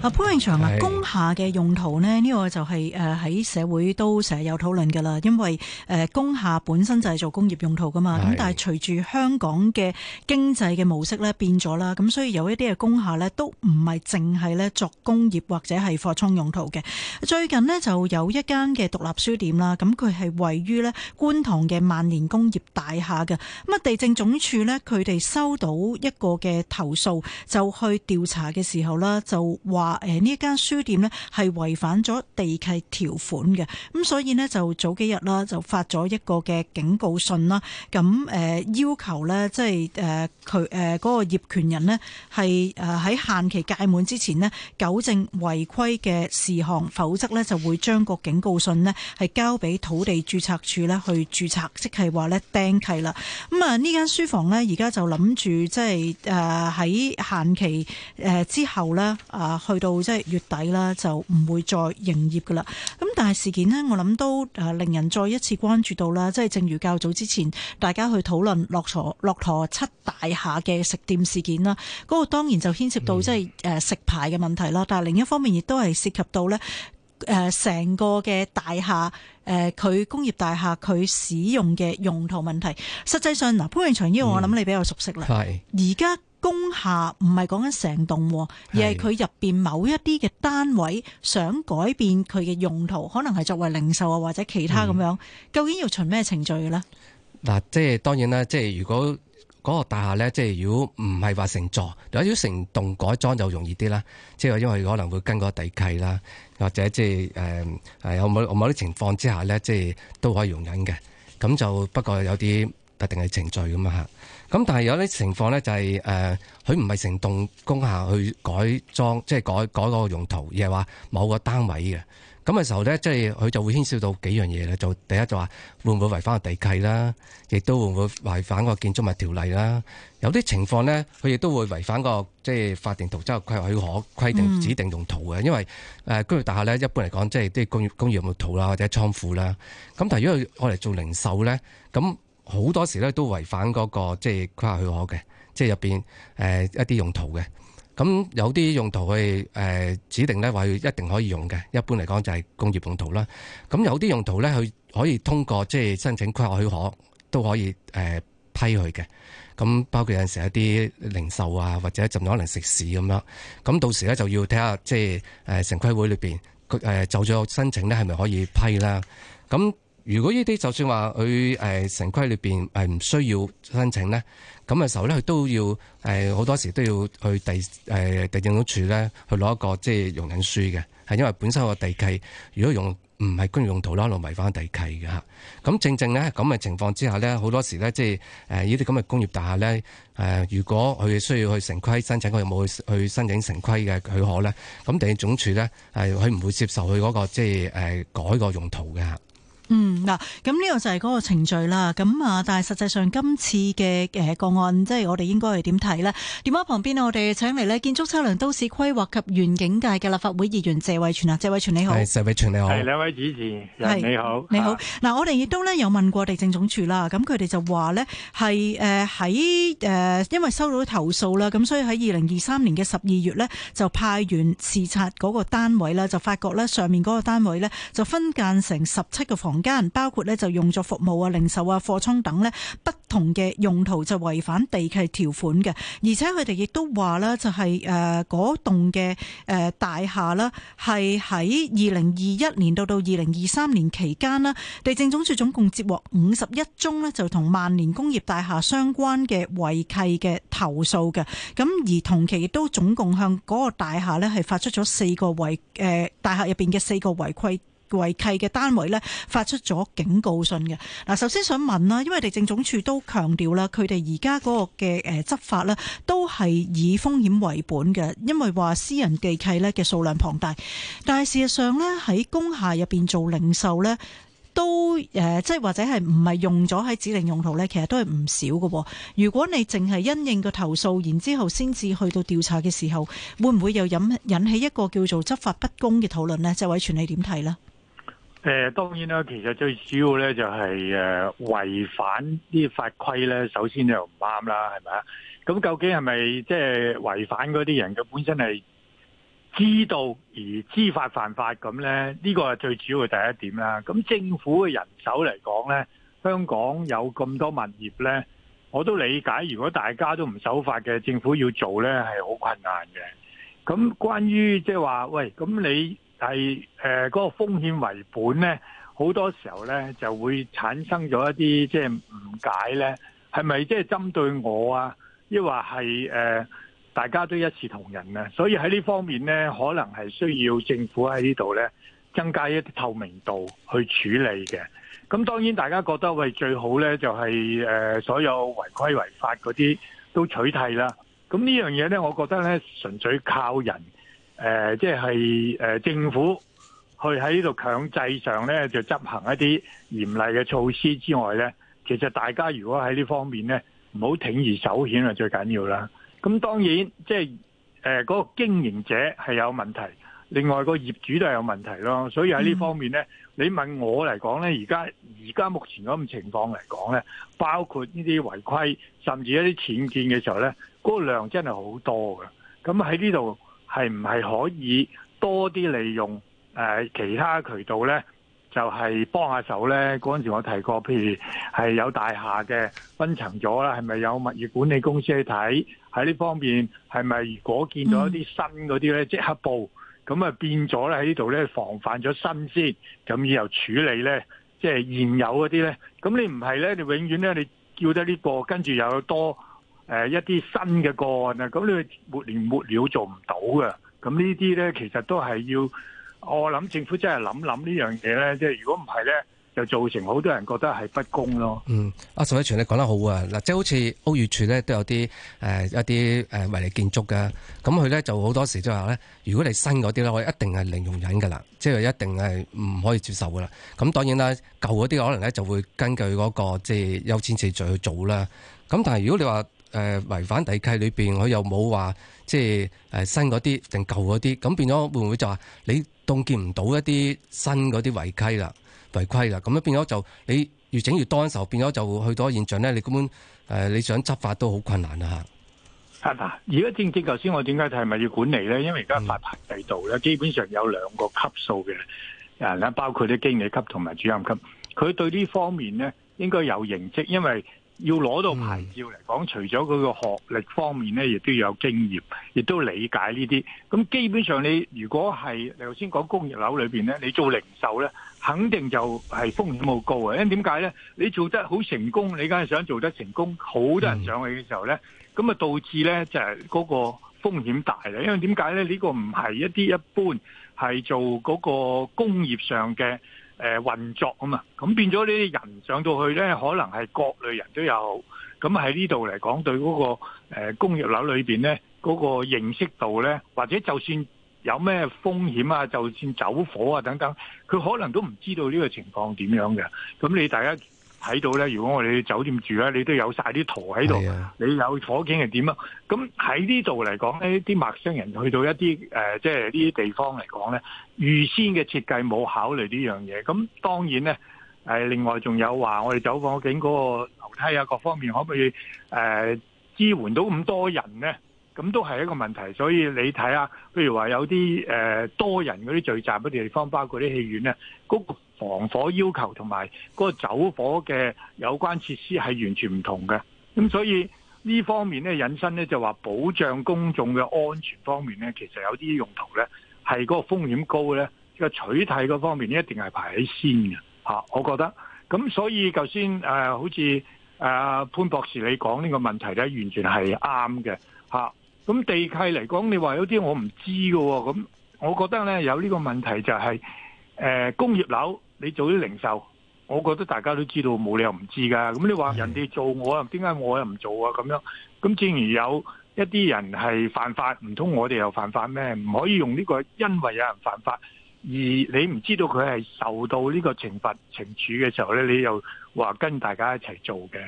啊潘永祥啊，工廈嘅用途呢，呢、這個就係誒喺社會都成日有討論噶啦。因為誒、呃、工廈本身就係做工業用途噶嘛，咁是但係隨住香港嘅經濟嘅模式咧變咗啦，咁所以有一啲嘅工廈咧都唔係淨係咧作工業或者係貨倉用途嘅。最近咧就有一間嘅獨立書店啦，咁佢係位於咧觀塘嘅萬年工業大廈嘅。咁啊地政總署咧，佢哋收到一個嘅投訴就去調查嘅時候啦，就話，誒呢間書店呢係違反咗地契條款嘅，咁所以呢就早幾日啦就發咗一個嘅警告信啦，咁誒要求呢，即係誒佢誒嗰個業權人呢，係誒喺限期屆滿之前呢，糾正違規嘅事項，否則呢就會將個警告信呢係交俾土地注冊處呢去注冊，即係話呢釘契啦。咁啊呢間書房呢，而家就諗住即係誒喺限期誒之後呢。啊去。到即係月底啦，就唔會再營業噶啦。咁但係事件咧，我諗都誒令人再一次關注到啦。即係正如較早之前大家去討論駱駝駱駝漆大廈嘅食店事件啦，嗰、那個當然就牽涉到即係誒食牌嘅問題啦。嗯、但係另一方面，亦都係涉及到咧誒成個嘅大廈誒，佢、呃、工業大廈佢使用嘅用途問題。實際上，嗱潘永祥，呢個我諗你比較熟悉啦。係而家。工廈唔係講緊成棟，而係佢入邊某一啲嘅單位想改變佢嘅用途，可能係作為零售啊或者其他咁樣，嗯、究竟要循咩程序嘅呢？嗱，即係當然啦，即係如果嗰個大廈呢，即係如果唔係話成座，如果成棟改裝就容易啲啦。即係因為可能會跟嗰個地契啦，或者即係誒，有某某啲情況之下呢，即係都可以容忍嘅。咁就不過有啲。特定嘅程序咁啊，咁但係有啲情況咧、就是，就係誒，佢唔係成棟工廈去改裝，即、就、係、是、改改嗰個用途，而係話某個單位嘅。咁嘅時候咧，即係佢就會牽涉到幾樣嘢咧。就第一就話會唔會違反個地契啦，亦都會唔會違反個建築物條例啦。有啲情況咧，佢亦都會違反、那個即係、就是、法定圖則規劃，佢可規定指定用途嘅。嗯、因為誒工業大廈咧，一般嚟講即係啲工業工業用途啦，或者是倉庫啦。咁但係如果我嚟做零售咧，咁。好多時咧都違反嗰、那個即係、就是、規劃許可嘅，即係入邊誒一啲用途嘅。咁有啲用途佢誒、呃、指定咧話要一定可以用嘅，一般嚟講就係工業用途啦。咁有啲用途咧佢可以通過即係、就是、申請規劃許可都可以誒、呃、批佢嘅。咁包括有陣時一啲零售啊，或者甚至可能食肆咁樣。咁到時咧就要睇下即係誒城規會裏邊佢誒就咗申請咧係咪可以批啦。咁。如果呢啲就算話佢誒城規裏面誒唔需要申請咧，咁嘅時候咧，佢都要誒好多時都要去地誒地政總署咧去攞一個即係容忍書嘅，係因為本身個地契如果用唔係工業用途咧，就違反地契嘅嚇。咁正正咧咁嘅情況之下咧，好多時咧即係誒呢啲咁嘅工業大廈咧誒，如果佢需要去城規申請，佢有冇去去申請城規嘅許可咧？咁地政總署咧係佢唔會接受佢、那、嗰個即係改個用途嘅嚇。嗯嗱，咁呢個就係嗰個程序啦，咁啊，但係實際上今次嘅，誒個案，即係我哋應該係點睇咧？電話旁邊咧，我哋請嚟咧建築測量、都市規劃及園境界嘅立法會議員謝偉銓啊，謝偉銓你好，謝偉銓你好，係兩位主持，你好，你好。嗱，我哋亦都咧有問過地政總署啦，咁佢哋就話咧係誒喺誒，因為收到投訴啦，咁所以喺二零二三年嘅十二月咧就派員視察嗰個單位啦，就發覺咧上面個單位咧就分間成十七個房。家人包括咧就用作服務啊、零售啊、貨倉等咧不同嘅用途就違反地契條款嘅，而且佢哋亦都話呢就係誒嗰棟嘅誒大廈啦係喺二零二一年到到二零二三年期間呢，地政總署總共接獲五十一宗呢就同萬年工業大廈相關嘅違契嘅投訴嘅，咁而同期亦都總共向嗰個大廈呢係發出咗四個違誒、呃、大廈入邊嘅四個違規。違契嘅單位咧，發出咗警告信嘅嗱。首先想問啦，因為地政總署都強調啦，佢哋而家嗰個嘅誒執法咧，都係以風險為本嘅，因為話私人違契咧嘅數量龐大，但係事實上咧喺工廈入邊做零售咧，都誒、呃、即係或者係唔係用咗喺指定用途呢？其實都係唔少嘅。如果你淨係因應個投訴，然之後先至去到調查嘅時候，會唔會又引引起一個叫做執法不公嘅討論呢？即係謝偉銓，你點睇呢？誒，當然啦，其實最主要咧就係誒違反啲法規咧，首先就唔啱啦，係咪啊？咁究竟係咪即係違反嗰啲人嘅本身係知道而知法犯法咁咧？呢個係最主要嘅第一點啦。咁政府嘅人手嚟講咧，香港有咁多物業咧，我都理解。如果大家都唔守法嘅，政府要做咧係好困難嘅。咁關於即係話，喂，咁你？但係誒，嗰個風險為本咧，好多時候咧就會產生咗一啲即係誤解咧，係咪即係針對我啊？亦或係誒、呃，大家都一視同仁啊？所以喺呢方面咧，可能係需要政府喺呢度咧增加一啲透明度去處理嘅。咁當然大家覺得喂最好咧，就係、是、誒所有違規違法嗰啲都取締啦。咁呢樣嘢咧，我覺得咧純粹靠人。誒、呃，即係政府去喺呢度強制上呢，就執行一啲嚴厲嘅措施之外呢，其實大家如果喺呢方面呢，唔好鋌而走險啊，最緊要啦。咁當然即係誒嗰個經營者係有問題，另外個業主都係有問題咯。所以喺呢方面呢，你問我嚟講呢，而家而家目前嗰咁情況嚟講呢，包括呢啲違規，甚至一啲僭建嘅時候呢，嗰、嗰個、量真係好多㗎。咁喺呢度。係唔係可以多啲利用誒其他渠道呢？就係、是，幫下手呢。嗰陣時我提過，譬如係有大廈嘅分層咗啦，係咪有物業管理公司去睇？喺呢方面係咪？如果見到一啲新嗰啲呢，mm. 即刻報，咁啊變咗咧喺呢度呢，防範咗新先，咁以後處理呢，即、就、係、是，現有嗰啲呢。咁你唔係呢，你永遠呢，你叫得、這、呢個，跟住又有多。誒一啲新嘅個案啊，咁你會沒完沒了做唔到嘅，咁呢啲咧其實都係要，我諗政府真係諗諗呢樣嘢咧，即係如果唔係咧，就造成好多人覺得係不公咯。嗯，阿謝偉銓你講得好啊，嗱，即係好似屋宇署咧都有啲誒有啲誒違例建築嘅，咁佢咧就好多時即係話咧，如果你新嗰啲咧，我一定係零容忍嘅啦，即係一定係唔可以接受嘅啦。咁當然啦，舊嗰啲可能咧就會根據嗰個即係優先次序去做啦。咁但係如果你話，誒違、呃、反地契裏邊，我又冇話即係誒、呃、新嗰啲定舊嗰啲，咁變咗會唔會就話你凍結唔到一啲新嗰啲違規啦、違規啦？咁樣變咗就你越整越多嘅時候，變咗就去到現象咧，你根本誒、呃、你想執法都好困難啦嚇。啊嗱，而家正正頭先我點解就係咪要管理咧？因為而家發牌制度咧，基本上有兩個級數嘅，啊包括啲經理級同埋主任級，佢對呢方面咧應該有認識，因為，要攞到牌照嚟講，除咗佢個學歷方面咧，亦都要有經驗，亦都理解呢啲。咁基本上你如果係你頭先講工業樓裏邊咧，你做零售咧，肯定就係風險好高啊！因為點解咧？你做得好成功，你梗係想做得成功，好多人上去嘅時候咧，咁啊導致咧就係、是、嗰個風險大嘅。因為點解咧？呢、這個唔係一啲一般係做嗰個工業上嘅。誒運作啊嘛，咁變咗呢啲人上到去咧，可能係各類人都有，咁喺呢度嚟講對嗰個誒工業樓裏面咧嗰個認識度咧，或者就算有咩風險啊，就算走火啊等等，佢可能都唔知道呢個情況點樣嘅，咁你大家。喺到咧，如果我哋酒店住咧，你都有晒啲圖喺度，的你有火警係點啊？咁喺呢度嚟講呢啲陌生人去到一啲誒，即係呢啲地方嚟講咧，預先嘅設計冇考慮呢樣嘢。咁當然咧、呃，另外仲有話，我哋走火警嗰個樓梯啊，各方面可唔可以、呃、支援到咁多人咧？咁都係一個問題。所以你睇下，譬如話有啲誒、呃、多人嗰啲聚集嗰啲地方，包括啲戲院咧，嗰個防火要求同埋嗰個走火嘅有關設施係完全唔同嘅。咁所以呢方面咧，引申咧，就話保障公眾嘅安全方面咧，其實有啲用途咧係嗰個風險高咧，個取締嗰方面一定係排喺先嘅嚇。我覺得咁，所以頭先誒好似誒潘博士你講呢個問題咧，完全係啱嘅嚇。咁、啊、地契嚟講，你話有啲我唔知㗎、哦，咁我覺得咧有呢個問題就係、是、誒、呃、工業樓。你做啲零售，我覺得大家都知道，冇理由唔知㗎。咁你話人哋做我，我又點解我又唔做啊？咁樣咁，正如有一啲人係犯法，唔通我哋又犯法咩？唔可以用呢個，因為有人犯法而你唔知道佢係受到呢個懲罰懲處嘅時候呢，你又話跟大家一齊做嘅。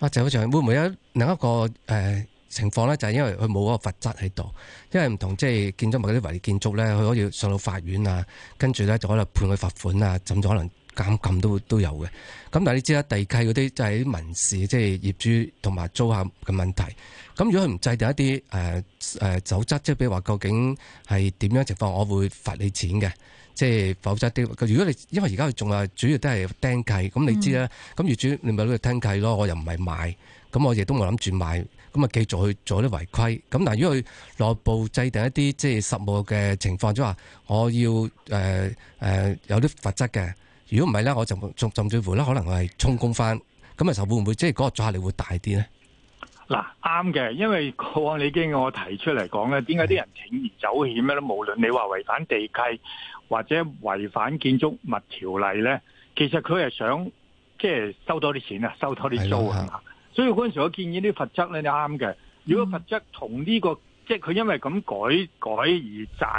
阿就好似啊，會唔會有另一個誒？呃情況咧就係因為佢冇嗰個罰則喺度，因為唔同即係建築物嗰啲違建建築咧，佢可以上到法院啊，跟住咧就可能判佢罰款啊，甚至可能監禁都都有嘅。咁但係你知啦，地契嗰啲就係啲民事，即係業主同埋租客嘅問題。咁如果佢唔制定一啲誒誒守則，即係比如話究竟係點樣情況，我會罰你錢嘅，即係否則啲。如果你因為而家佢仲係主要都係釘契，咁你知啦，咁業、嗯、主你咪攞嚟釘契咯。我又唔係買，咁我亦都冇諗住買。咁啊，繼續去做啲違規。咁嗱，如果佢內部制定一啲即係實務嘅情況，即係話我要誒誒、呃呃、有啲罰則嘅，如果唔係咧，我就甚至乎啦，可能係充公翻。咁啊，時候會唔會即係嗰個阻力會大啲咧？嗱，啱嘅，因為我你經我提出嚟講咧，點解啲人鋌而走險咧？的無論你話違反地契或者違反建築物條例咧，其實佢係想即係、就是、收多啲錢啊，收多啲租啊。的所以嗰陣時，我建議啲罰則咧，你啱嘅。如果罰則同呢、這個，嗯、即係佢因為咁改改而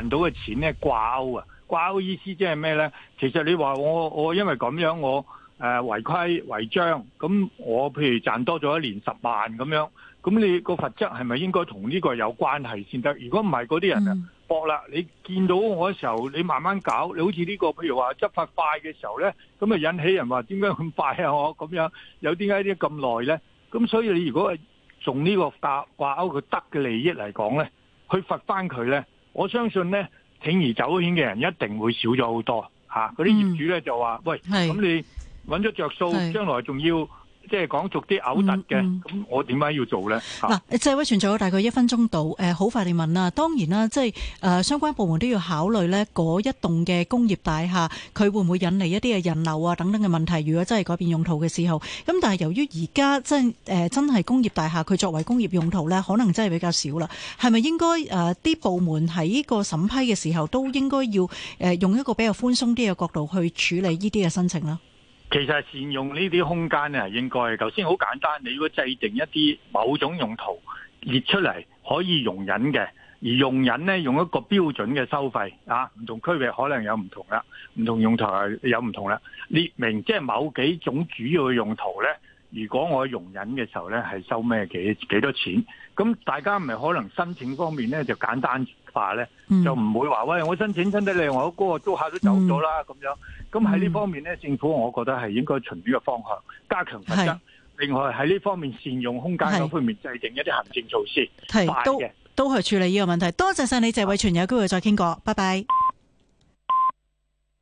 賺到嘅錢咧，掛鈎啊，掛鈎意思即係咩咧？其實你話我我因為咁樣我誒、呃、違規違章，咁我譬如賺多咗一年十萬咁樣，咁你個罰則係咪應該同呢個有關係先得？如果唔係，嗰啲人啊搏啦！你見到我嘅時候，你慢慢搞，你好似呢、這個譬如話執法快嘅時候咧，咁啊引起人話點解咁快啊我咁樣有點解啲咁耐咧？咁所以你如果從呢個搭掛鈎佢得嘅利益嚟講咧，去罰翻佢咧，我相信咧，鋌而走險嘅人一定會少咗好多嚇。嗰、啊、啲業主咧就話，嗯、喂，咁是你揾咗着數，的將來仲要。即係講逐啲嘔突嘅，咁、嗯嗯、我點解要做呢？嗱、啊，謝偉銓仲有大概一分鐘到。好、呃、快地問啦。當然啦，即係誒、呃、相關部門都要考慮呢嗰一棟嘅工業大廈，佢會唔會引嚟一啲嘅人流啊等等嘅問題？如果真係改變用途嘅時候，咁但係由於而家即係誒真係、呃、工業大廈，佢作為工業用途呢，可能真係比較少啦。係咪應該誒啲、呃、部門喺個審批嘅時候，都應該要誒用一個比較寬鬆啲嘅角度去處理呢啲嘅申請呢？其實善用呢啲空間咧，應該頭先好簡單。你如果制定一啲某種用途列出嚟，可以容忍嘅，而容忍咧用一個標準嘅收費啊，唔同區域可能有唔同啦，唔同用途係有唔同啦，列明即係某幾種主要嘅用途咧。如果我容忍嘅時候咧，係收咩幾幾多錢？咁大家唔係可能申請方面咧就簡單化咧，嗯、就唔會話喂，我申請申請你，我嗰個租客都走咗啦咁樣。咁喺呢方面咧，嗯、政府我覺得係應該循於個方向加強執法。是另外喺呢方面善用空間嗰方面，制定一啲行政措施係是的都都去處理呢個問題。多謝晒你，謝偉銓，有機會再傾過，拜拜。